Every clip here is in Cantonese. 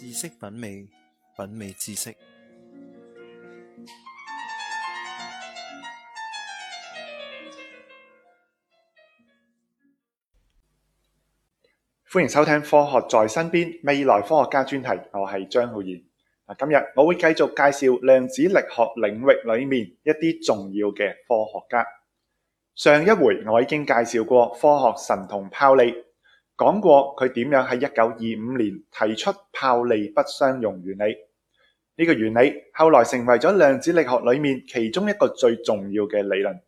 知識品味，品味知識。歡迎收聽《科學在身邊》未來科學家專題，我係張浩然。今日我會繼續介紹量子力學領域裏面一啲重要嘅科學家。上一回我已經介紹過科學神童泡利。講過佢點樣喺一九二五年提出泡利不相容原理呢，這個原理後來成為咗量子力學裏面其中一個最重要嘅理論。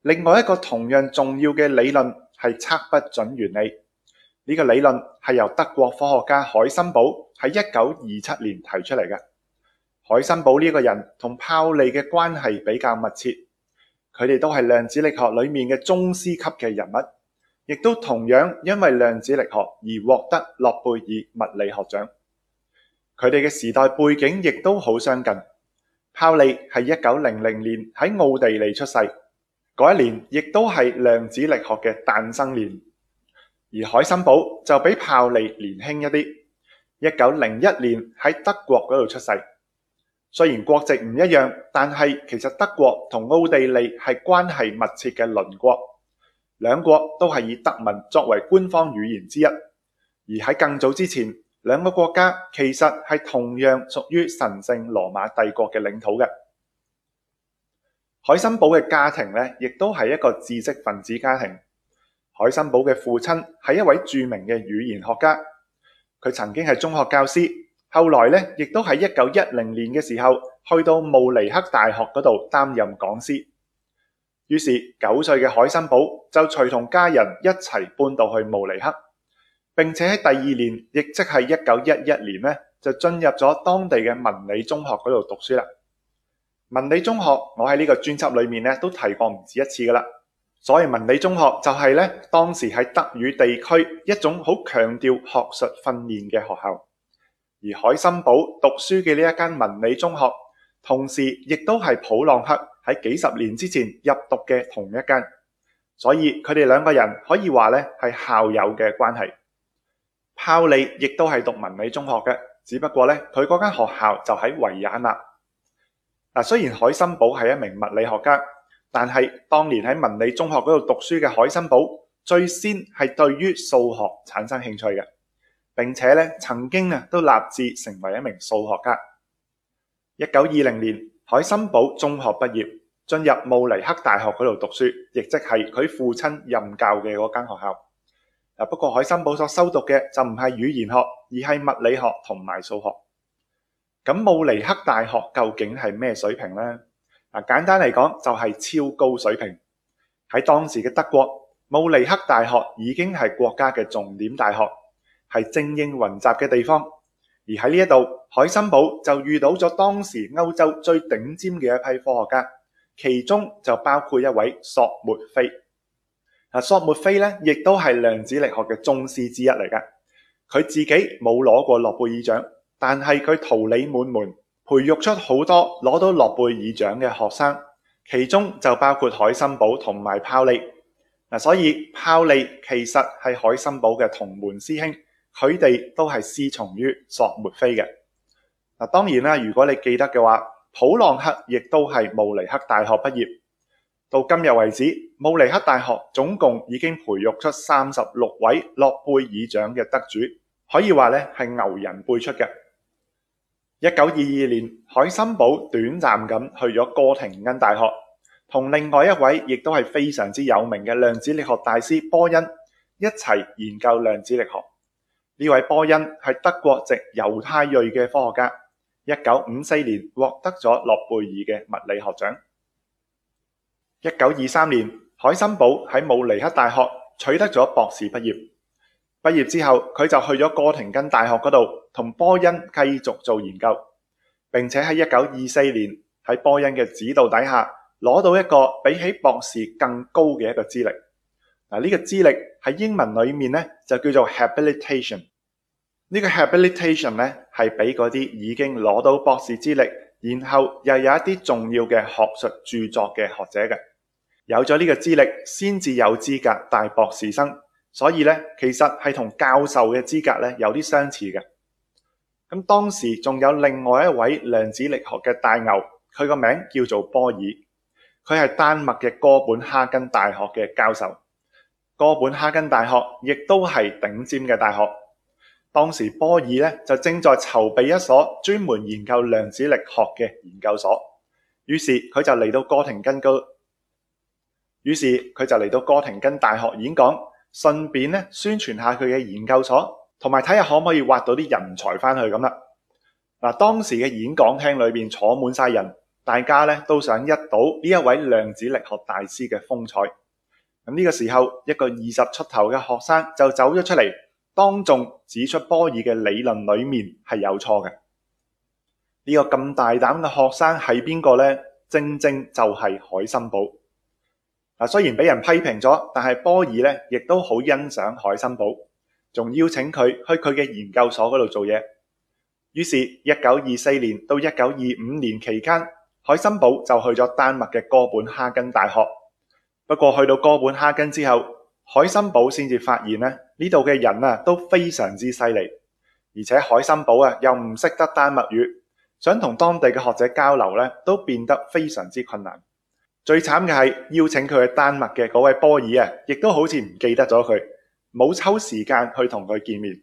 另外一個同樣重要嘅理論係測不準原理呢，這個理論係由德國科學家海森堡喺一九二七年提出嚟嘅。海森堡呢個人同泡利嘅關係比較密切，佢哋都係量子力學裏面嘅宗師級嘅人物。亦都同樣因為量子力學而獲得諾貝爾物理學獎。佢哋嘅時代背景亦都好相近。泡利係一九零零年喺奧地利出世，嗰一年亦都係量子力學嘅誕生年。而海森堡就比泡利年輕一啲，一九零一年喺德國嗰度出世。雖然國籍唔一樣，但係其實德國同奧地利係關係密切嘅鄰國。兩國都係以德文作為官方語言之一，而喺更早之前，兩個國家其實係同樣屬於神聖羅馬帝國嘅領土嘅。海森堡嘅家庭咧，亦都係一個知識分子家庭。海森堡嘅父親係一位著名嘅語言學家，佢曾經係中學教師，後來咧亦都喺一九一零年嘅時候去到慕尼黑大學嗰度擔任講師。於是九歲嘅海森堡就隨同家人一齊搬到去慕尼黑，並且喺第二年，亦即係一九一一年咧，就進入咗當地嘅文理中學嗰度讀書啦。文理中學我喺呢個專輯裏面咧都提過唔止一次噶啦，所以文理中學就係咧當時喺德語地區一種好強調學術訓練嘅學校。而海森堡讀書嘅呢一間文理中學，同時亦都係普朗克喺幾十年之前入讀嘅同一間，所以佢哋兩個人可以話咧係校友嘅關係。泡利亦都係讀文理中學嘅，只不過咧佢嗰間學校就喺維也納。嗱，雖然海森堡係一名物理學家，但係當年喺文理中學嗰度讀書嘅海森堡，最先係對於數學產生興趣嘅，並且咧曾經啊都立志成為一名數學家。一九二零年。海森堡中學畢業，進入慕尼黑大學嗰度讀書，亦即係佢父親任教嘅嗰間學校。不過海森堡所修讀嘅就唔係語言學，而係物理學同埋數學。咁慕尼黑大學究竟係咩水平呢？簡單嚟講就係超高水平。喺當時嘅德國，慕尼黑大學已經係國家嘅重點大學，係精英雲集嘅地方。而喺呢一度，海森堡就遇到咗當時歐洲最頂尖嘅一批科學家，其中就包括一位索末菲。索末菲咧，亦都係量子力學嘅宗師之一嚟㗎。佢自己冇攞過諾貝爾獎，但係佢桃李滿門，培育出好多攞到諾貝爾獎嘅學生，其中就包括海森堡同埋泡利。嗱，所以泡利其實係海森堡嘅同門師兄。佢哋都係師從於索末菲嘅，嗱。當然啦，如果你記得嘅話，普朗克亦都係慕尼黑大學畢業。到今日為止，慕尼黑大學總共已經培育出三十六位諾貝爾獎嘅得主，可以話咧係牛人輩出嘅。一九二二年，海森堡短暫咁去咗哥廷恩大學，同另外一位亦都係非常之有名嘅量子力學大師波恩一齊研究量子力學。呢位波恩係德國籍猶太裔嘅科學家，一九五四年獲得咗諾貝爾嘅物理學獎。一九二三年，海森堡喺慕尼黑大學取得咗博士畢業。畢業之後，佢就去咗哥廷根大學嗰度同波恩繼續做研究，並且喺一九二四年喺波恩嘅指導底下攞到一個比起博士更高嘅一個資歷。嗱，呢個資歷喺英文裏面咧就叫做 habilitation。呢個 habilitation 咧係俾嗰啲已經攞到博士資歷，然後又有一啲重要嘅學術著作嘅學者嘅，有咗呢個資歷先至有資格帶博士生。所以咧，其實係同教授嘅資格咧有啲相似嘅。咁當時仲有另外一位量子力學嘅大牛，佢個名叫做波爾，佢係丹麥嘅哥本哈根大學嘅教授。哥本哈根大學亦都係頂尖嘅大學。當時波爾咧就正在籌備一所專門研究量子力學嘅研究所，於是佢就嚟到哥廷根高，於是佢就嚟到哥廷根大學演講，順便咧宣傳下佢嘅研究所，同埋睇下可唔可以挖到啲人才翻去咁啦。嗱，當時嘅演講廳裏面坐滿晒人，大家咧都想一睹呢一位量子力學大師嘅風采。咁、這、呢個時候，一個二十出頭嘅學生就走咗出嚟，當眾指出波爾嘅理論裏面係有錯嘅。呢、這個咁大膽嘅學生係邊個呢？正正就係海森堡。嗱，雖然俾人批評咗，但係波爾呢亦都好欣賞海森堡，仲邀請佢去佢嘅研究所嗰度做嘢。於是，一九二四年到一九二五年期間，海森堡就去咗丹麥嘅哥本哈根大學。不過去到哥本哈根之後，海森堡先至發現咧，呢度嘅人啊都非常之犀利，而且海森堡啊又唔識得丹麥語，想同當地嘅學者交流咧都變得非常之困難。最慘嘅係邀請佢去丹麥嘅嗰位波爾啊，亦都好似唔記得咗佢，冇抽時間去同佢見面。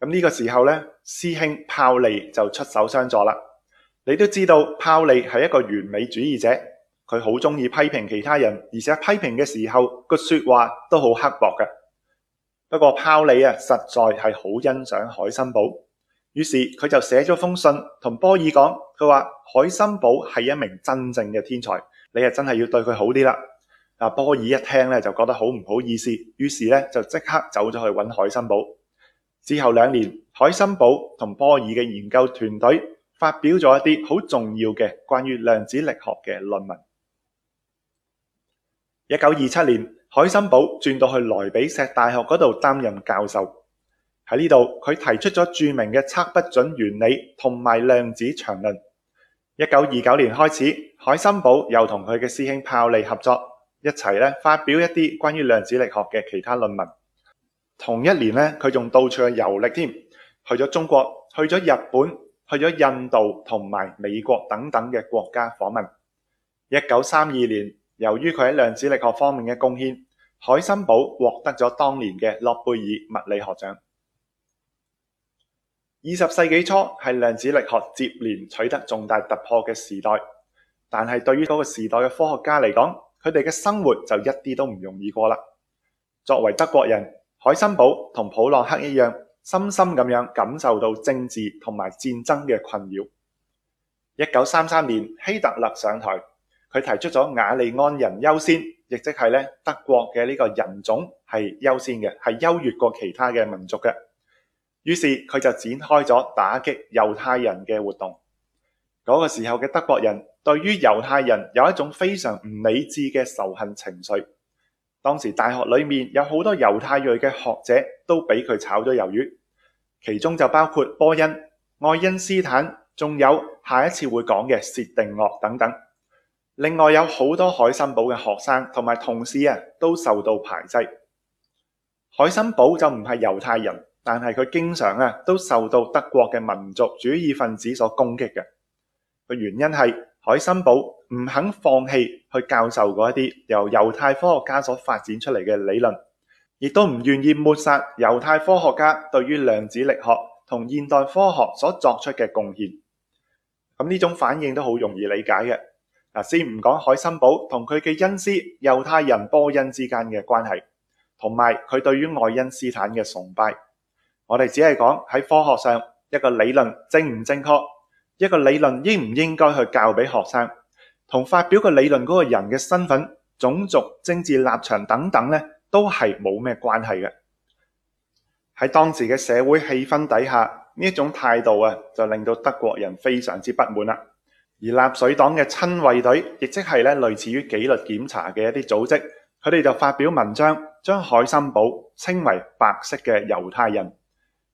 咁呢個時候咧，師兄泡利就出手相助啦。你都知道泡利係一個完美主義者。佢好中意批評其他人，而且批評嘅時候個說話都好刻薄嘅。不過，泡利啊，實在係好欣賞海森堡，於是佢就寫咗封信同波爾講，佢話海森堡係一名真正嘅天才，你呀真係要對佢好啲啦。嗱，波爾一聽咧就覺得好唔好意思，於是咧就即刻走咗去揾海森堡。之後兩年，海森堡同波爾嘅研究團隊發表咗一啲好重要嘅關於量子力學嘅論文。一九二七年，海森堡轉到去萊比錫大學嗰度擔任教授。喺呢度，佢提出咗著名嘅測不準原理同埋量子場論。一九二九年開始，海森堡又同佢嘅師兄泡利合作，一齊咧發表一啲關於量子力學嘅其他論文。同一年呢，佢仲到處去遊歷添，去咗中國、去咗日本、去咗印度同埋美國等等嘅國家訪問。一九三二年。由於佢喺量子力學方面嘅貢獻，海森堡獲得咗當年嘅諾貝爾物理學獎。二十世紀初係量子力學接連取得重大突破嘅時代，但係對於嗰個時代嘅科學家嚟講，佢哋嘅生活就一啲都唔容易過啦。作為德國人，海森堡同普朗克一樣，深深咁樣感受到政治同埋戰爭嘅困擾。一九三三年，希特勒上台。佢提出咗雅利安人優先，亦即係咧德國嘅呢個人種係優先嘅，係優越過其他嘅民族嘅。於是佢就展開咗打擊猶太人嘅活動。嗰個時候嘅德國人對於猶太人有一種非常唔理智嘅仇恨情緒，當時大學裏面有好多猶太裔嘅學者都俾佢炒咗魷魚，其中就包括波恩、愛因斯坦，仲有下一次會講嘅薛定諤等等。另外有好多海森堡嘅學生同埋同事啊，都受到排擠。海森堡就唔係猶太人，但係佢經常啊都受到德國嘅民族主義分子所攻擊嘅。個原因係海森堡唔肯放棄去教授嗰一啲由猶太科學家所發展出嚟嘅理論，亦都唔願意抹殺猶太科學家對於量子力學同現代科學所作出嘅貢獻。咁呢種反應都好容易理解嘅。嗱，先唔講海森堡同佢嘅恩師猶太人波恩之間嘅關係，同埋佢對於愛因斯坦嘅崇拜，我哋只係講喺科學上一個理論正唔正確，一個理論應唔應該去教俾學生，同發表個理論嗰個人嘅身份、種族、政治立場等等呢，都係冇咩關係嘅。喺當時嘅社會氣氛底下，呢一種態度啊，就令到德國人非常之不滿啦。而納粹黨嘅親衛隊，亦即係咧類似於紀律檢查嘅一啲組織，佢哋就發表文章，將海森堡稱為白色嘅猶太人。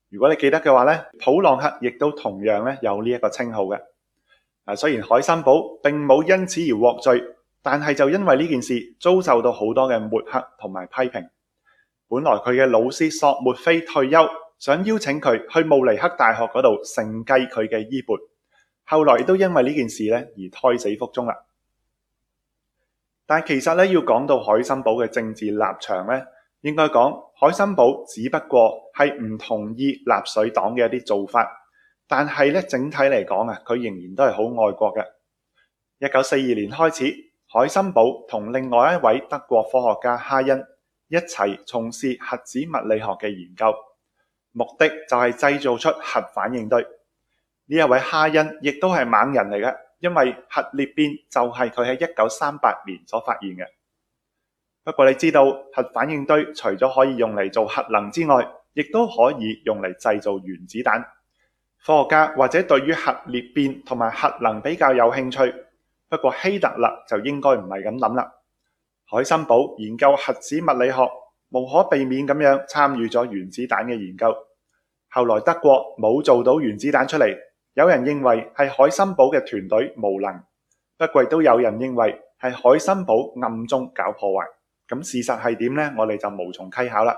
如果你記得嘅話咧，普朗克亦都同樣咧有呢一個稱號嘅。嗱，雖然海森堡並冇因此而獲罪，但係就因為呢件事，遭受到好多嘅抹黑同埋批評。本來佢嘅老師索末菲退休，想邀請佢去慕尼黑大學嗰度承繼佢嘅衣缽。後來亦都因為呢件事咧而胎死腹中啦。但其實咧，要講到海森堡嘅政治立場咧，應該講海森堡只不過係唔同意納粹黨嘅一啲做法，但係咧整體嚟講啊，佢仍然都係好愛國嘅。一九四二年開始，海森堡同另外一位德國科學家哈恩一齊從事核子物理學嘅研究，目的就係製造出核反應堆。呢一位哈恩亦都係猛人嚟嘅，因為核裂變就係佢喺一九三八年所發現嘅。不過你知道，核反應堆除咗可以用嚟做核能之外，亦都可以用嚟製造原子彈。科學家或者對於核裂變同埋核能比較有興趣，不過希特勒就應該唔係咁諗啦。海森堡研究核子物理學，無可避免咁樣參與咗原子彈嘅研究。後來德國冇做到原子彈出嚟。有人認為係海森堡嘅團隊無能，不過都有人認為係海森堡暗中搞破壞。咁事實係點呢？我哋就無從稽考啦。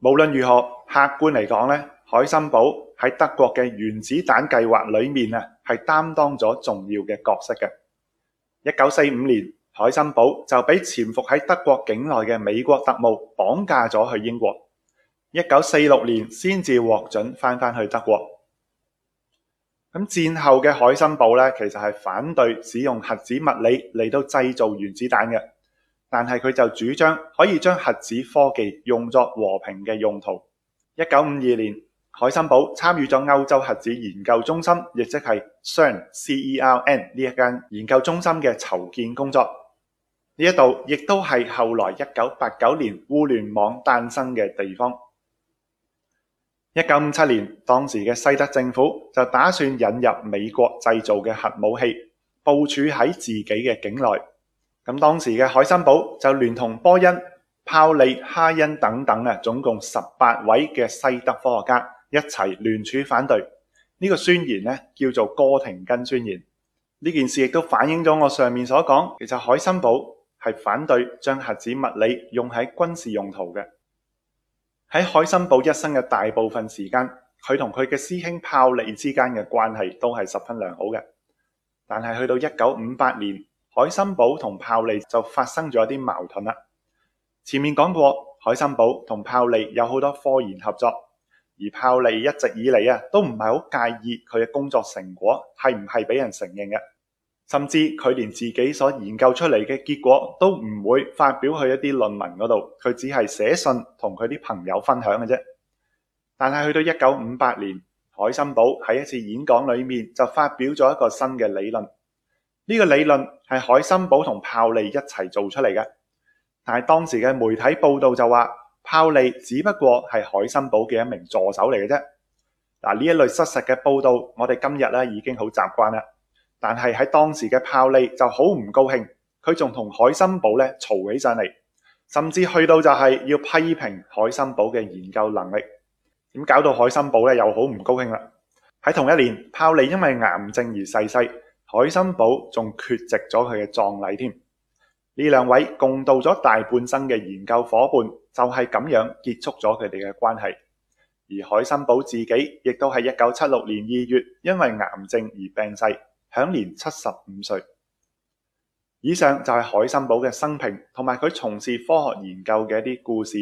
無論如何，客觀嚟講咧，海森堡喺德國嘅原子彈計劃裏面啊，係擔當咗重要嘅角色嘅。一九四五年，海森堡就俾潛伏喺德國境內嘅美國特務綁架咗去英國。一九四六年先至獲准翻返去德國。咁戰後嘅海森堡咧，其實係反對使用核子物理嚟到製造原子彈嘅，但係佢就主張可以將核子科技用作和平嘅用途。一九五二年，海森堡參與咗歐洲核子研究中心，亦即係 CERN 呢一間研究中心嘅籌建工作。呢一度亦都係後來一九八九年互聯網誕生嘅地方。一九五七年，當時嘅西德政府就打算引入美國製造嘅核武器，部署喺自己嘅境內。咁當時嘅海森堡就聯同波恩、泡利、哈恩等等啊，總共十八位嘅西德科學家一齊聯署反對。呢個宣言呢，叫做哥廷根宣言。呢件事亦都反映咗我上面所講，其實海森堡係反對將核子物理用喺軍事用途嘅。喺海森堡一生嘅大部分時間，佢同佢嘅師兄泡利之間嘅關係都係十分良好嘅。但係去到一九五八年，海森堡同泡利就發生咗一啲矛盾啦。前面講過，海森堡同泡利有好多科研合作，而泡利一直以嚟啊，都唔係好介意佢嘅工作成果係唔係俾人承認嘅。甚至佢連自己所研究出嚟嘅結果都唔會發表去一啲論文嗰度，佢只係寫信同佢啲朋友分享嘅啫。但係去到一九五八年，海森堡喺一次演講裏面就發表咗一個新嘅理論。呢個理論係海森堡同泡利一齊做出嚟嘅，但係當時嘅媒體報道就話，泡利只不過係海森堡嘅一名助手嚟嘅啫。嗱，呢一類失實嘅報道，我哋今日咧已經好習慣啦。但係喺當時嘅泡利就好唔高興，佢仲同海森堡咧嘈起上嚟，甚至去到就係要批評海森堡嘅研究能力，點搞到海森堡咧又好唔高興啦。喺同一年，泡利因為癌症而逝世，海森堡仲缺席咗佢嘅葬禮添。呢兩位共度咗大半生嘅研究夥伴就係咁樣結束咗佢哋嘅關係。而海森堡自己亦都喺一九七六年二月因為癌症而病逝，享年七十五歲。以上就係海森堡嘅生平同埋佢從事科學研究嘅一啲故事。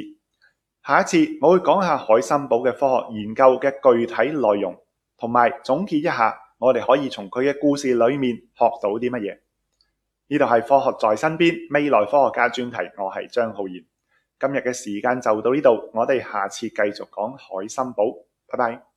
下一次我會講下海森堡嘅科學研究嘅具體內容，同埋總結一下我哋可以從佢嘅故事裏面學到啲乜嘢。呢度係科學在身邊未來科學家專題，我係張浩然。今日嘅時間就到呢度，我哋下次繼續講海森堡。拜拜。